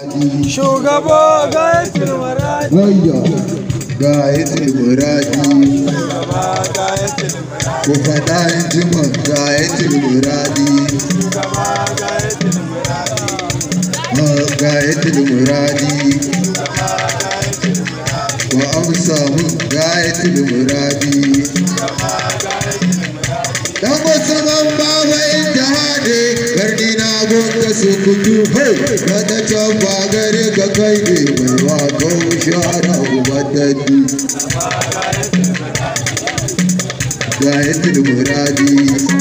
Shugaba ga ya ga ya Ku faɗa yin jima ga ya tilmaraji. Shugaba ga Ga Madatan ba gare ka kai ne mai wakon shara ubadaddi. Ga yanzu da muradi.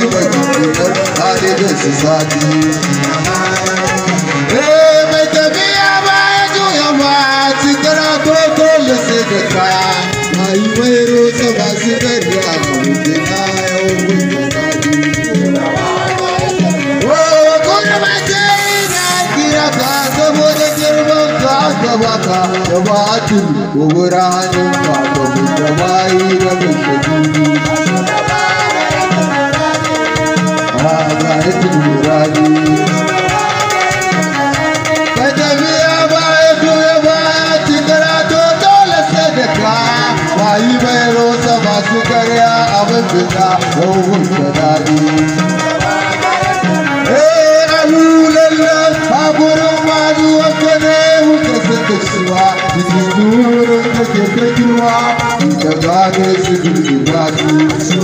majiginar halibin su sati mai tafiya baya juya ba citara ko dole sai da kaya mai mai rotsa ba su gari a wuce kayan wuce sati kuma ba ce na kira ka saboda girman ka gaba ka da ba a tuni ko wura hannun ka da mutu bayi da mutu shugaba ne su duba su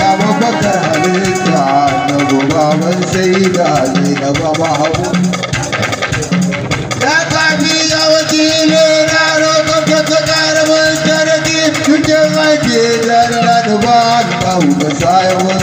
ya mabakar halitta na gubaban sai da ne na baba hagu ya kafi ya wace ne na roƙon ka ta ba yawan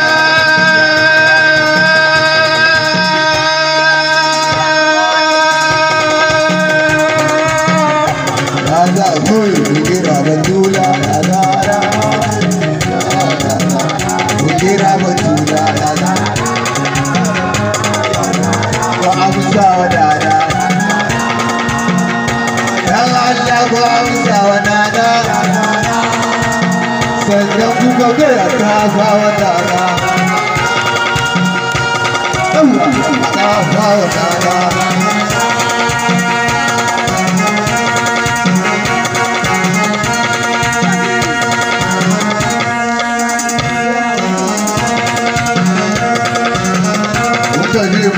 ta kwa musa wa nana sannan kuka gaya ta ta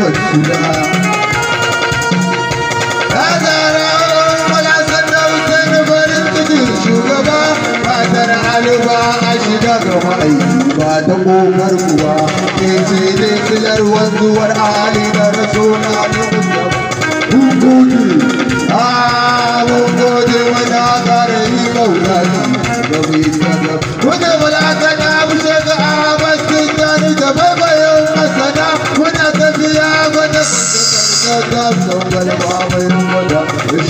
Thank you. a shiga ga ma'aiki ba ta ƙofar kuwa ke ce ne filar wanzuwar ali da rasona da musamman hukuki a mungode wata kare yi maulani da mai tsada wata mulaka na wuce ga abastin tani da baibayin masana muna tafiya gwada da karkar da ta babai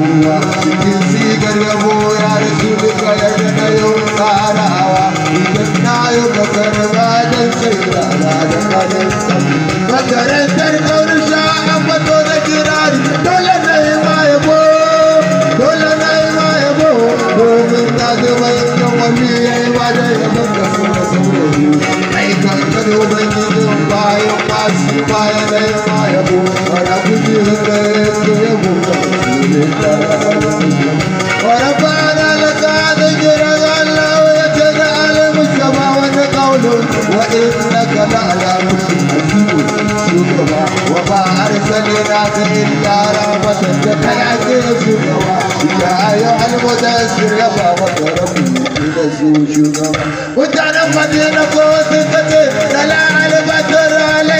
kowa cikin sigar ya rasu duka na yau tsarawa idan yi da kanin sami makarantar kaurin sha'an fato na kirari na yi ma ya yi da da ai ورفعنا لك ذكرك الله ويتجعل مجتبى وتقول وإنك لعلى مجتبى وما أرسلناك إلا رحمة لك العزيز يا أيها المدثر يا بابا ربي وتعرف مدينة قوة ثقتي لا على بدر عليك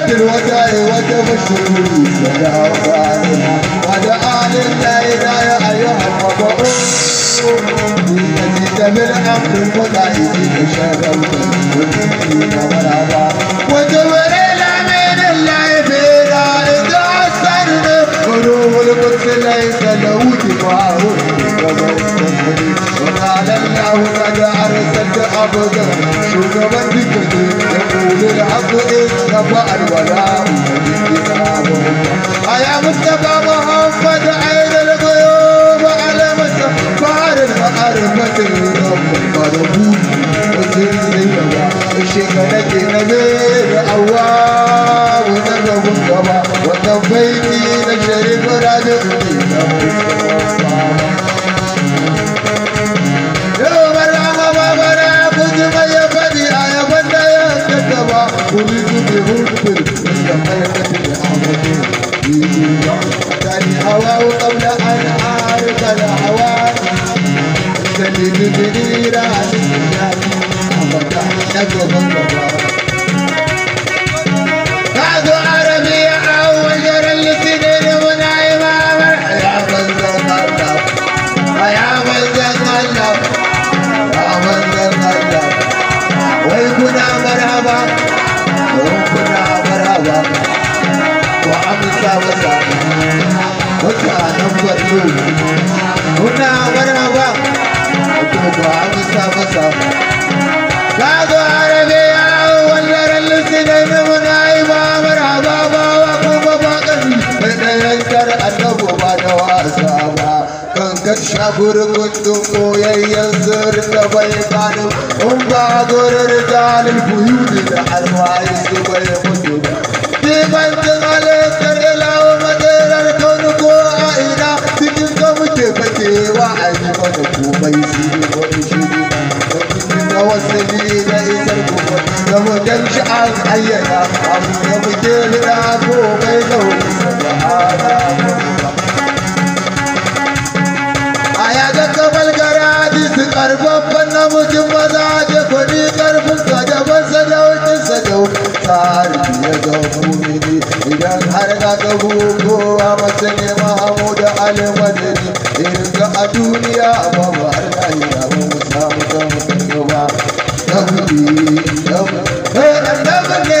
ذات الوداع وتبشر بالسمع وفاعلها ودعا للليلى ايها الربع جئت بالامر القضائي فشغلت المسلمين والعذاب وجبريل امين الله فينا اذا حسنت قلوب القدس ليس له دفاع وعلمناه مدى عرسك أبدا شكرا بك يقول العبد نبأ الولاء يا مصطفى محمد عين الغيوب علامة فارس معرفة الرب قلبه وسيري شكلك نبيل أواب ونبه الصبا وتبيتي لشريف رادتي ake bambama a zo arabi ya hau wajen litinin muna yi mamar ya manzan Allah ya manzan Allah ya manzan Allah wai kuna marhaba wai kuna marhaba ku amsa masa mutanen gwarzo kuna marhaba ku amsa masa Gago wasaba kankan shafur kundum koyayyan sir da bai kanu in ba gurar jalil buyuni da alwayi su bai mutu ba dimantin halittar ilawa madarar kaunu ko a ina cikin ka muke fakewa a yi mana komai su yi wani shugu da wasu ne na isar kuma da mutan shi an ayyana abu da muke lina komai da wani sabahana karfafan namijin maza ake kwani karfin ka daban sadaukin sadau tsari ya ga mumini idan har ka ga kowa mace ne mahamudu alimadini irin ka a duniya ba ba Allah ya mu samu kan ba. Eh, Nabi, Nabi,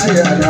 next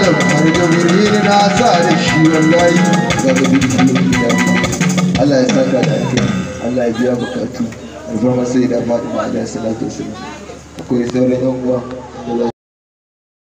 da da mene na sa da shi wallahi za ka gudu shi ya Allah ya saka da ake Allah ya biya bukatu a zama sai da faɗi ma'adar salatu wasu akwai sauran yan uwa